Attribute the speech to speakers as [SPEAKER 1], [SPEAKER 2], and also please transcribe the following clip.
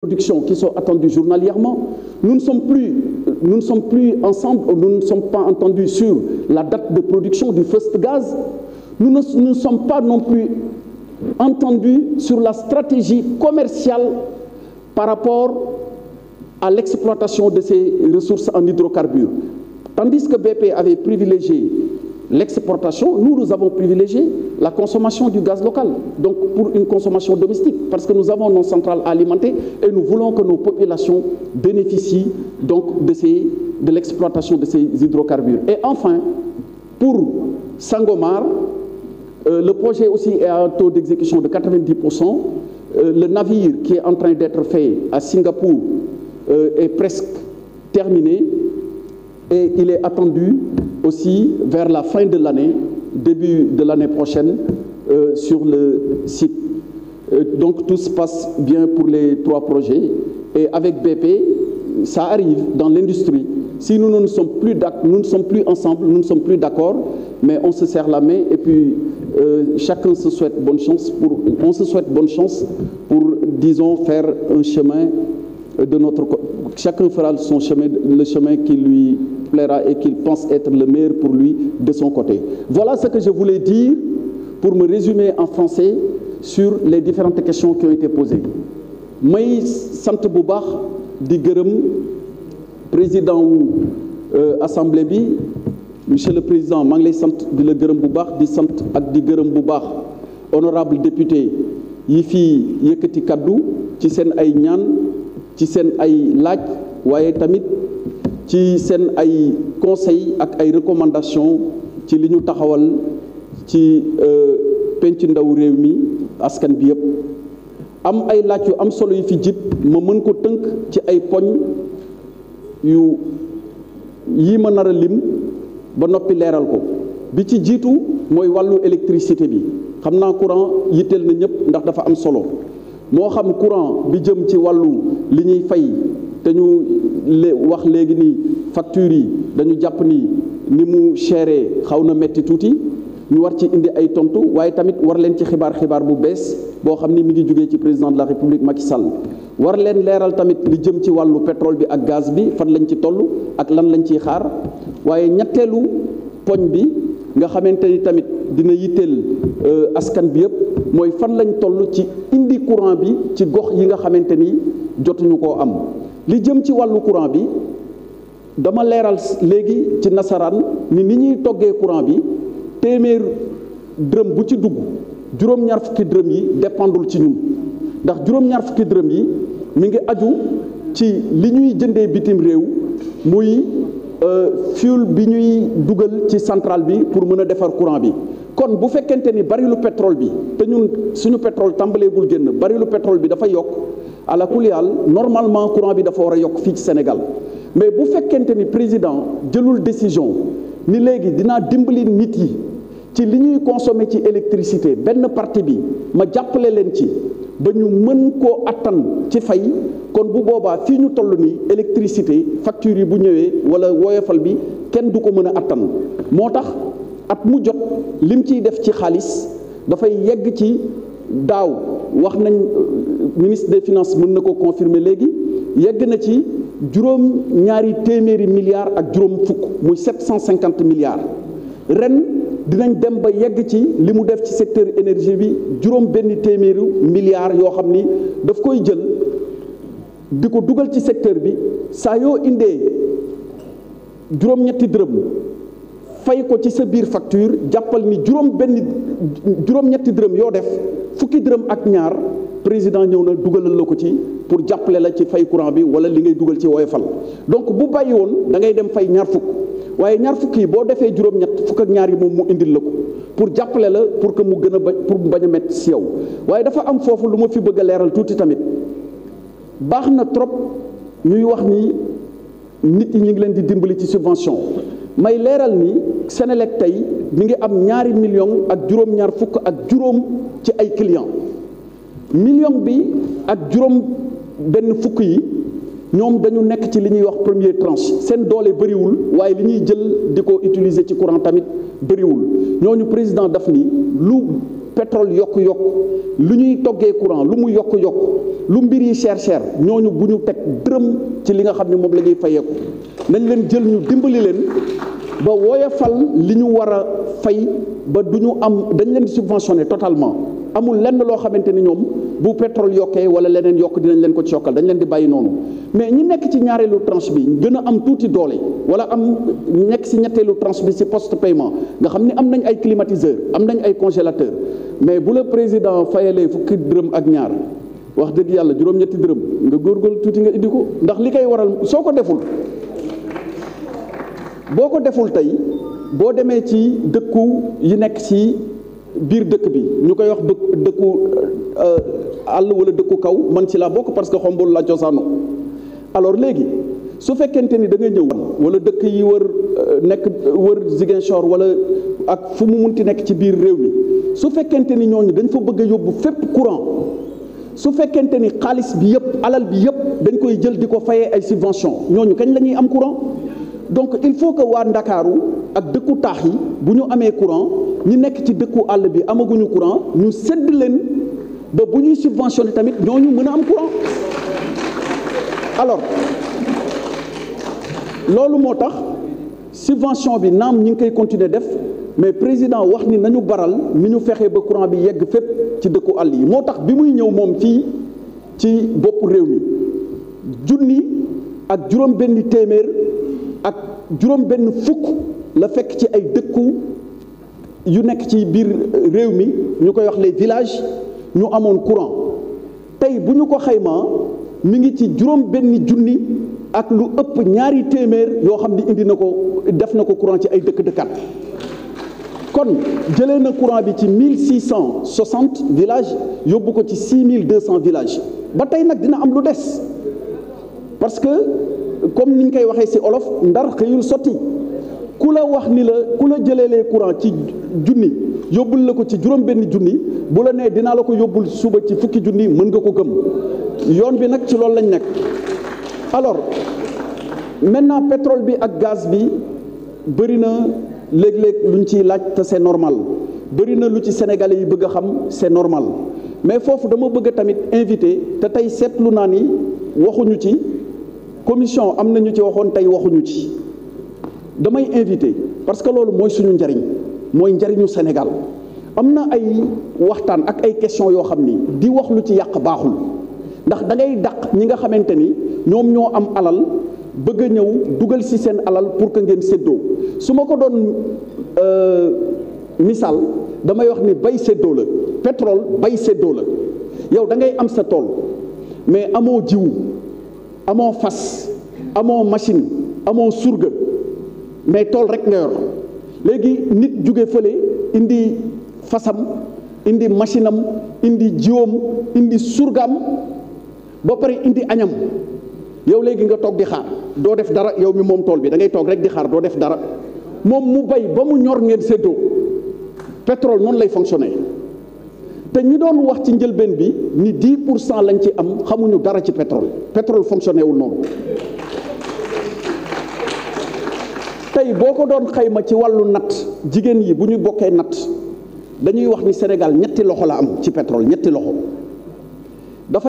[SPEAKER 1] productions qui sont attendues journalièrement. Nous ne sommes plus, nous ne sommes plus ensemble, nous ne sommes pas entendus sur la date de production du first gaz. nous ne sommes pas non plus entendus sur la stratégie commerciale par rapport à l'exploitation de ces ressources en hydrocarbures. Tandis que BP avait privilégié l'exportation, nous, nous avons privilégié la consommation du gaz local, donc pour une consommation domestique, parce que nous avons nos centrales alimentées et nous voulons que nos populations bénéficient donc de, de l'exploitation de ces hydrocarbures. Et enfin, pour Sangomar, euh, le projet aussi est à un taux d'exécution de 90%. Euh, le navire qui est en train d'être fait à Singapour euh, est presque terminé il est attendu aussi vers la fin de l'année, début de l'année prochaine, euh, sur le site. Euh, donc tout se passe bien pour les trois projets. Et avec BP, ça arrive dans l'industrie. Si nous, ne sommes plus nous ne sommes plus ensemble, nous ne sommes plus d'accord, mais on se serre la main et puis euh, chacun se souhaite bonne chance pour, on se souhaite bonne chance pour, disons, faire un chemin de notre... Chacun fera son chemin, le chemin qui lui plaira et qu'il pense être le meilleur pour lui de son côté. Voilà ce que je voulais dire pour me résumer en français sur les différentes questions qui ont été posées. may sant bu baax di président euh, assemblée bi monsieur le président Manglé Sante sant di la gërëm ak di honorable député Yifi Yeketi Kadou, kaddu ci seen ay ñaan ci tamit ci seen ay conseil ak ay recommandation ci li ñu taxawal ci euh, penc ndaw réew mi askan bi yëpp am ay laaj yu am solo yu fi jib ma mën koo tënk ci ay poñ yu yii ma nar a lim ba noppi leeral ko bi ci jiitu mooy wàllu électricité bi xam naa courant yitteel na ñëpp ndax dafa am solo moo xam courant bi jëm ci wàllu li ñuy fay te ñu lé wax léegi nii factures yi dañu jàpp ni ni mu chéré xaw na métti tuuti ñu war ci indi ay tontu waaye tamit war leen ci xibaar xibaar bu bees boo xam ni mi ngi jugee ci président de la république Macky Sall war leen leeral tamit li jëm ci wàllu pétrole bi ak gaz bi fan lañ ci toll ak lan lañ ciy xaar waaye ñetteelu poñ bi nga xamante ni tamit dina yitteel euh, askan bi yëpp mooy fan lañ toll ci indi courant bi ci gox yi nga xamante ni jotuñu koo am. li jëm ci wàllu courant bi dama leeral léegi ci nasaraan ni ni ñuy toggee courant bi téeméer dërëm bu ci dugg juróom-ñaar fukki dërëm yi dépendul ci ñun ndax juróom-ñaar fukki dërëm yi mi ngi aju ci li ñuy jëndee bitim réew muy euh, fuel bi ñuy dugal ci central bi pour mën a defar courant bi kon bu fekkente ni barilu petrol bi te ñun suñu pétrole tàmbaleegul génn barilu pétrole bi dafa yokk à la normalement courant bi dafa war a Sénégal mais si le ni président la décision ni légui dina dimbali nit yi ci li ñuy consommer ci électricité benn partie bi ma jappalé len ci ba ñu mën ko attan ci fay kon bu ñu électricité facture yi bu ñëwé wala woyofal bi attan at mu daaw wax nañ ministre des finance mën na ko confirmer léegi yegg na ci juróom ñaari téeméeri milliards ak juróom fukk muy 750 milliards ren dinañ dem ba yegg ci li mu def ci secteur énergie bi juróom benn téeméeri milliards yoo xam ni daf koy jël di ko dugal ci secteur bi saa yoo indee juróom-ñetti dërëm fay ko ci sa biir facture jàppal ni juróom benn juróom-ñetti dërëm yoo def fukki dërëm ak ñaar président ñëw na dugalal la ko ci pour jàppale la ci fay courant bi wala li ngay dugal ci woyofal donc bu bàyyi woon da ngay dem fay ñaar fukk waaye ñaar fukki yi boo defee juróom-ñett fukk ak ñaar yi moom mu indi la ko pour jàppale la pour que mu gën a ba pour mu bañ a si yow waaye dafa am foofu lu ma fi bëgg leeral tuuti tamit baax na trop ñuy wax ni nit ñi ñu ngi leen di dimbali ci subvention may leeral ni senelek tey mi ngi am ñaari million ak juróom-ñaar fukk ak juróom ci ay client million bi ak juróom benn fukk yi ñoom dañu nekk ci li ñuy wax premier tranche seen doole bëriwul waaye li ñuy jël di ko utiliser ci courant tamit bëriwul ñu président daf ni lu pétrole yokk-yokk lu ñuy toggee courant lu mu yokk-yokk lu mbir yi cher cher ñooñu bu ñu teg dërëm ci li nga xam ne moom la ñuy fayeeku nañ leen jël ñu dimbali leen ba woyofal liñu wara fay ba duñu am dañ leen di subventionné totalement amul lenn lo xamanteni ñom bu pétrole yoké wala leneen yokk dinañ leen ko ci yokkal dañ leen di bayyi non mais ñi nekk ci ñaarelu tranche bi gën a am touti doole wala am nekk ci ñettelu tranche bi ci poste paiement nga xamni am nañ ay climatiseur am nañ ay congélateur mais bu le président fayalee fukki dërëm ak ñaar wax deug yalla juroom ñetti dërëm nga gorgol touti nga indi ko ndax li koy waral soko ko deful boo ko deful tey boo demee ci dëkku yi nekk ci biir dëkk bi ñu koy wax dëkku euh, àll wala dëkku kaw man ci laa bokk parce que xombul laa cosaanu alors léegi su fekkente ni dangay nga ñëw wala dëkk yi wër euh, nekk wër Ziguinchor wala ak fu mu mun munti nekk ci biir réew mi su fekkente ni ñooñu dañ fa bëgg a yóbbu fépp courant su fekkente ni xaalis bi yëpp alal bi yëpp dañ koy jël di ko fayee ay subvention ñooñu kañ lañuy am courant donc il faut que waa ndakaaru ak dëkku taax yi bu ñu amee courant ñi nekk ci dëkku àll bi amaguñu courant ñu sedd leen ba bu ñuy subventionné tamit ñooñu mën a am courant alors loolu moo tax subvention bi naam ñi ngi koy continuer def mais président wax ni nañu baral ni ñu fexe ba courant bi yegg fépp ci dëkku àll yi moo tax bi muy ñëw moom fii ci bokk réew mi junni ak juróom benn téeméer ak juróom benn fukk la fekk ci ay dëkku yu nekk ci biir euh, réew mi ñu koy wax les village ñu amoon courant tey bu ñu ko xaymaa mu ngi ci juróom benn junni ak lu ëpp ñaari téeméer yoo xam ni indi na ko def na ko courant ci ay dëkk dëkkaat kon jëlee na courant bi ci 1660 villages yóbbu ko ci 6200 villages ba tey nag dina am lu des parce que comme niñ koy waxee ci olof ndar xëyul sotti ku la wax ni la ku la jëleelee courant ci junni yóbbul la ko ci juróom benn junni bu la nee dinaa la ko yóbbul suba ci fukki junni mën nga ko gëm yoon bi nag ci loolu lañ nekk alors maintenant pétrole bi ak gaz bi bëri na léeg-léeg luñ ciy laaj te c'est normal bëri na lu ci sénégalais yi bëgg a xam c'est normal mais foofu dama bëgg tamit invité te tey seetlu naa ni waxuñu ci commission am ñu ci waxoon tey waxuñu ci damay invité parce que nous qui suñu njariñ moy njariñu Sénégal Amna ay ak ay question yo xamni di wax lu ci avons baaxul ndax da ngay am alal bëgg ñew duggal ci alal pour que ngeen seddo su ma don yo avons damay wax ni bay seddo la pétrole bay seddo la yow da ngay am sa mais amo jiwu amoo fas amoo machine amoo surga mais tool rek nga yor léegi nit jóge fële indi fasam indi machine am indi jiwam indi surgaam ba pare indi añam yow léegi nga toog di xaar doo def dara yow mi moom tool bi dangay toog rek di xaar doo def dara moom mu bay ba mu ñor ngeen séddoo pétrole noonu lay fonctionner te ñi doon wax ci njëlbeen bi ni 10 pour cent lañ ci am xamuñu dara ci pétrole pétrole fonctionné wul noonu tey boo ko doon xayma ci wàllu natt jigéen yi bu ñu bokkee natt dañuy wax ni Sénégal ñetti loxo la am ci pétrole ñetti loxo.